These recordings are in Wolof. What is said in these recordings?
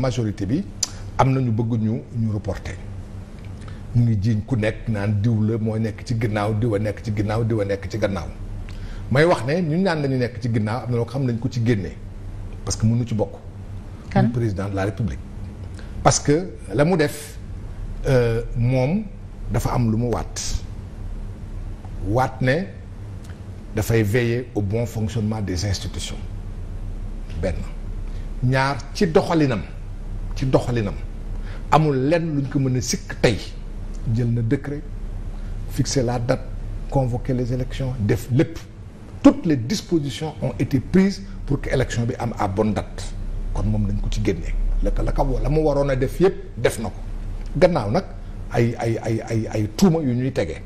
majorité bi am na ñu bëgg ñu ñu reporter ñu ngi jiiñ ku nekk naan diw la moo nekk ci ginnaaw diw a nekk ci ginnaaw diw a nekk ci gannaaw may wax ne ñun ñaan lañu nekk ci ginnaaw am na loo xam nañ ko ci génnee parce que mënu ci bokk. kan président de la république. parce que la mu def euh, moom dafa am lu mu waat waat ne dafay veiller au bon fonctionnement des institutions benn ñaar ci doxalinam. ci doxalinam amul lenn lu luñ ko mën a sikk tey jël na décret fixer la date convoquer les élections def lépp toutes les dispositions ont été prises pour que élection bi am à bonne date kon moom lañ ko ci génnee la ka la ka la mu waroon a def yépp def na ko gannaaw nag ay ay ay ay ay tuuma yu ñuy tegee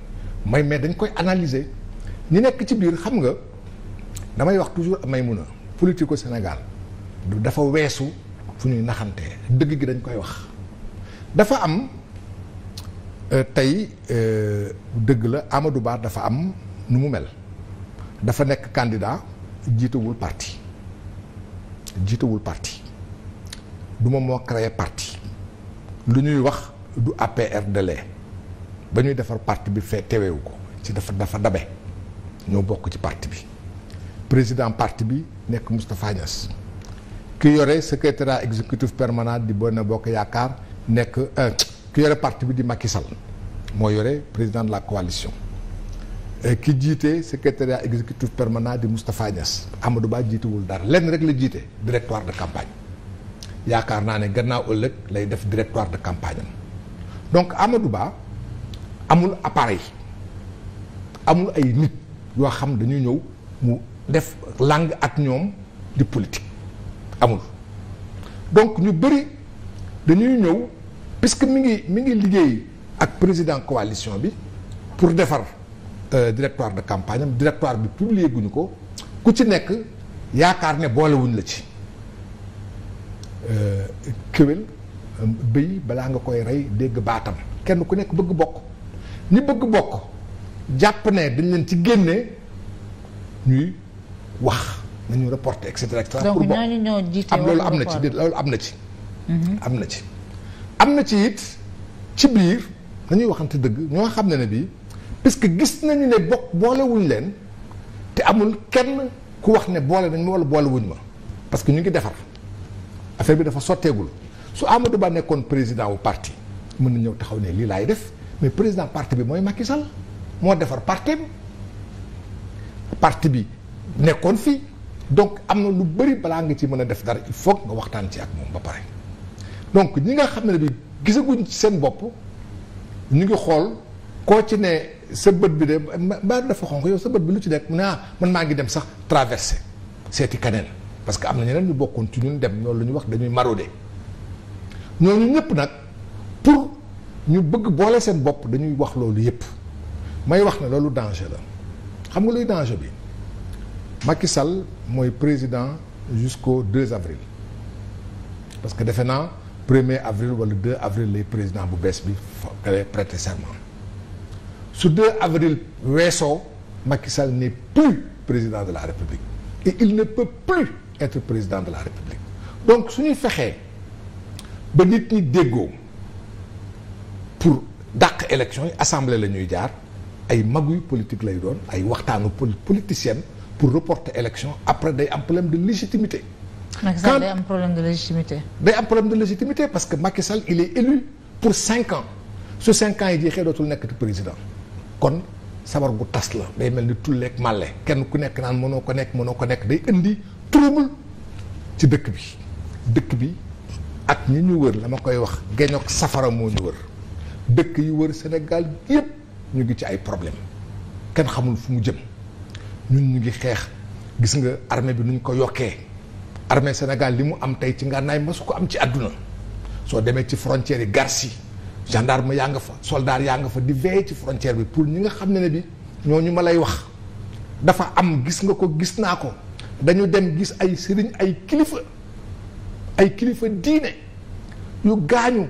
may mais dañ koy analyser ñi nekk ci biir xam nga damay wax toujours may mun a politique Sénégal dafa weesu fu ñuy naxantee dëgg gi dañ koy wax dafa am euh, tey euh, dëgg la Amadou Ba dafa am nu mu mel dafa nekk candidat jiitawul parti jiitawul parti du ma moo créé parti lu ñuy wax du APR de ba ñuy defar parti bi fee tewewu ko ci dafa dafa dabe ñoo bokk ci parti bi président parti bi nekk Moustapha Niass ki yore secrétariat exécutif permanent di Benno Bokk Yaakaar nekk euh, ki yore parti bi di Macky Sall moo yore président de la coalition ki jiite secrétariat exécutif permanent di Moustapha Niass Amadou Ba jiitewul dara lenn rek la jiite directoire de campagne yaakaar naa ne gannaaw ëllëg lay def directoire de campagne am donc Amadou Ba amul appareil amul ay nit yoo xam dañu ñëw mu def langue ak ñoom di politique amul donc ñu bëri dañuy ñëw puisque mi ngi mi ngi liggéey ak président coalition bi pour defar euh, directoire de campagne am directoire bi publier guñu ko ku ci nekk yaakaar ne boolewuñ la ci euh, kéwél euh, bëy balaa nga koy rey dégg baatam kenn ku nekk bëgg bokk ñi bëgg bokk jàpp ne dañ leen ci génnee ñuy wax nañu reporté et cetera et cetera. ñoo jiite am loolu am na ci loolu am na ci. Mhm. am na ci am na ci it ci biir nañuy waxante dëgg ñoo xam ne ne bii que gis nañu ne bokk boolewuñ leen te amul kenn ku wax ne boole nañ ma wala boolewuñ ma parce que ñu ngi defar affaire bi dafa sotteegul su Amadou Ba nekkoon président wu parti mën na ñëw taxaw ne lii laay def mais président parti bi mooy Macky Sall moo defar parti bi parti bi nekkoon fi donc am na lu bëri balaa nga ci mën a def dara il faut nga waxtaan ci ak moom ba pare donc ñi nga xam ne bi gisaguñ ci seen bopp ñu ngi xool koo ci ne sa bët bi de ba dafa xonq yow sa bët bi lu ci nekk mu ne ah man maa ngi dem sax traversé seeti kaneen parce que am na ñeneen ñu bokkoon ci ñun dem loolu lu ñu wax dañuy maroode ñoom ñëpp nag pour ñu bëgg boole seen bopp dañuy wax loolu yëpp may wax ne loolu danger la xam nga luy danger bi. Macky Sall mooy président jusqu'au 2 avril parce que defe naa premier avril wala 2 avril lay président bu bees bi fallait prêter serment su 2 avril weesoo Macky Sall n'est plus président de la République et il ne peut plus être président de la République donc suñuy fexee ba nit ñi déggoo pour dàq élection yi assemblée la ñuy jaar ay maguy politique lay doon ay waxtaanu politicien pour reporter élection après day am problème de légitimité. Macky day am problème de légitimité. day am problème de légitimité parce que Macky Sall il est élu pour cinq ans su cinq ans yi jeexee dootul nekkati président kon sabar gu tas la day mel ni tulleeg màlle kenn ku nekk naan mënoo ko mënoo ko nekk day indi trouble ci dëkk bi dëkk bi ak ñi ñu wër la ma koy wax geñook safara moo ñu wër dëkk yi wër Sénégal yépp ñu ngi ci ay problème kenn xamul fi mu jëm. ñun ñu ngi xeex gis nga armée bi nuñ ko yokkee armee Sénégal li mu am tey ci ngànnaay masu ko am ci àdduna soo demee ci frontière yi garsi gendarme yaa nga fa soldaar yaa nga fa di veiller ci frontière bi pour ñi nga xam ne ne bi ñu ma lay wax dafa am gis nga ko gis naa ko dañu dem gis ay sëriñ ay kilifa ay kilifa diine yu gaañu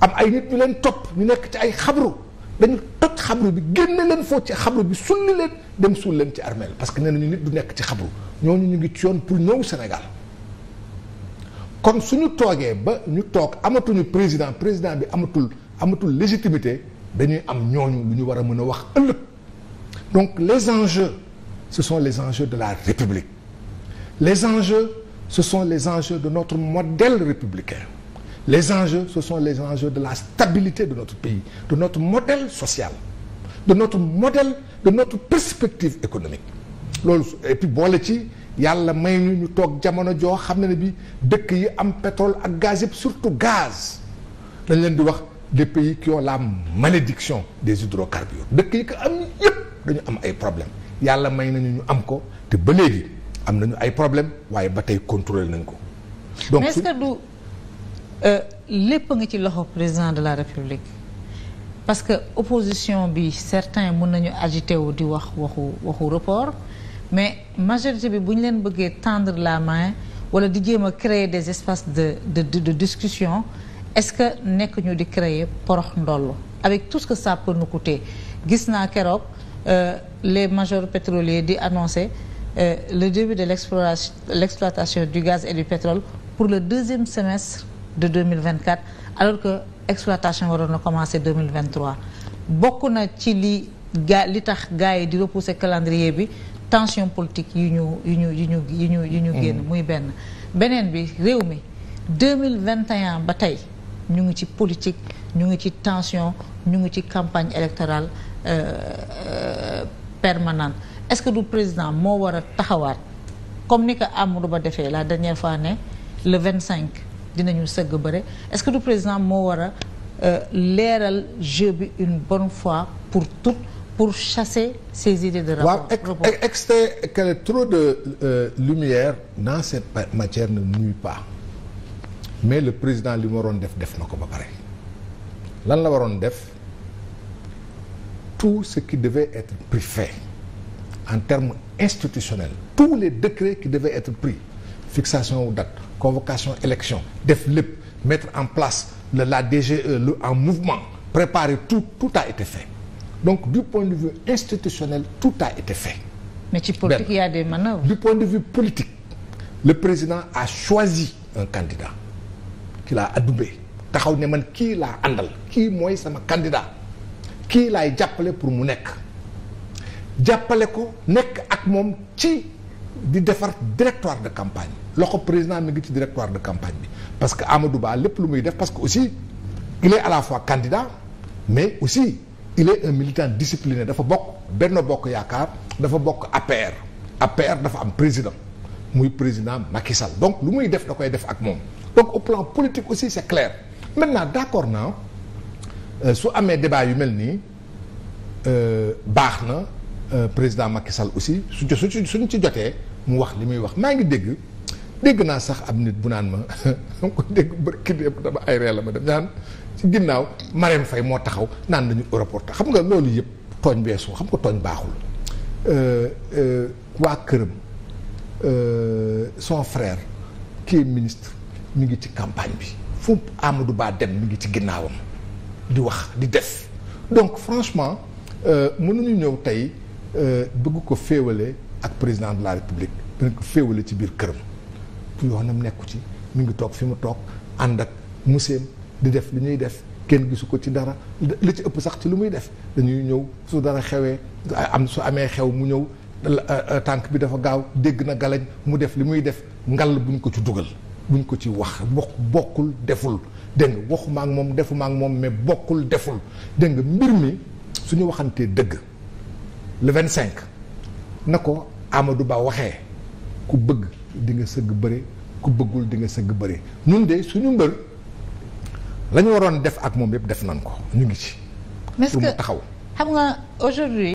am ay nit ñu leen topp ñu nekk ci ay xabru dañu toj xabru bi génne leen foo ci xabru bi sulli leen dem suul leen ci armeel parce que nee ñu nit du nekk ci xabru ñooñu ñu ngi ci yoon pour ñëw Sénégal kon suñu toogee ba ñu toog amatuñu président président bi amatul amatul légitimité dañuy am ñooñu lu ñu war a mën a wax ëllëg donc les enjeux ce sont les enjeux de la République les enjeux ce sont les enjeux de notre modèle républicain les enjeux ce sont les enjeux de la stabilité de notre pays de notre modèle social de notre modèle de notre perspective économique loolu boole ci yàlla may ñu ñu toog jamono joo xam ne ne bi dëkk yi am pétrole ak gaz yëpp surtout gaz dañ leen di wax des pays qui ont la malédiction des hydrocarbures dëkk yi ko am yëpp dañu am ay problème yàlla may nañu ñu am ko te ba léegi am nañu ay problème waaye ba tey contrôler nañ ko Euh, lépp nga ci loxo président de la république parce que opposition bi certains mun nañu agité wu di wax waxu waxu report mais majorité bi bu ñu leen bëggee tendre la main wala di jéem a créer des espaces de de de, de discussion est-ce que nekk ñu di créer porox ndoll avec tout que ça peut nous gis naa keroog euh, les majors pétroliers di annoncer euh, le début de l'exploration l'exploitation du gaz et du pétrole pour le deuxième semestre de mille vingt 2024 alors que exploitation waroon na commencer 2023 bokk na ci li gaa li tax gars yi di repousser calendrier bi tension politique yu ñu yu ñu yu ñu yu ñu yu ñu mm. génn muy benn beneen bi réew mi 2021 ba tey ñu ngi ci politique ñu ngi ci tension ñu ngi ci campagne électorale euh, euh, permanente est-ce que du président moo war a taxawaat comme ni ko Amadou Ba defee la dernière fois ne le vingt cinq dinañu sëgg bëre est-ce que du président moo war a euh, leeral jeu bi une bonne fois pour toutes pour chasser ces idées de rapport waaw exte que trop de euh, lumière dans cette matière ne nuit pas mais le président li mu waroon def def na ko ba pare lan la waroon def tout ce qui devait être pris fait en termes institutionnels tous les décrets qui devaient être pris fixation wu dat convocation élection def lépp mettre en place le la DGE le en mouvement préparer tout tout a été fait donc du point de vue institutionnel tout a été fait. mais ci politique il y a des manœuvres. du point de le président a choisi un candidat qu'il a adoubé taxaw ne man kii laa àndal kii mooy sama candidat kii laay jàppale pour mu nekk jàppale ko nekk ak moom ci. di defar directoire de campagne loxo président mi ngi ci directoire de campagne bi parce que Amadou Ba lépp lu muy def parce que aussi il est à la fois candidat mais aussi il est un militant discipliné dafa bokk benn Bokk Yaakaar dafa bokk APR APR dafa am président muy président Macky Sall donc lu muy def da koy def ak moom donc au plan politique aussi c'est clair maintenant d'accord naa euh, su amee débat yu mel nii euh, baax na Euh, président Macky Sall aussi su su suñ ci jotee mu wax li muy wax maa ngi dégg dégg naa sax ab nit bu naan ma dama ko dégg barki démb dama ay ree la ma dem naan ci ginnaaw Marème fay moo taxaw naan nañu aéroport xam nga loolu yëpp tooñ beesu xam nga tooñ baaxul euh, euh, waa këram son frère qui ministre mu ngi ci campagne bi fu Amadou Ba dem mi ngi ci ginnaawam di wax di des donc franchement mënuñu ñëw tey Euh, bëgg ko féewale ak président de la république bëgg ko féewale ci biir këram yoonam nekku ci mu ngi toog fi mu toog ànd ak museem di def li ñuy def kenn gisu ko ci dara li ci ëpp sax ci lu muy def dañuy ñëw su dara xewee am su amee xew mu ñëw euh, tànk bi dafa gaaw dégg na galañ mu def li muy def ngal buñ ko ci dugal buñ ko ci wax wax bokkul deful dégg nga waxuma moom defuma ak moom mais bokkul deful dégg nga mbir mi suñu waxantee dëgg le 25 na ko Amadou Ba waxee ku bëgg dinga sëgg bëre ku bëggul di nga sëgg bëre ñun de suñu mbër la waroon def ak moom yëpp def nañ ko ñu ngi ci. pour mu taxaw xam nga aujourd'hui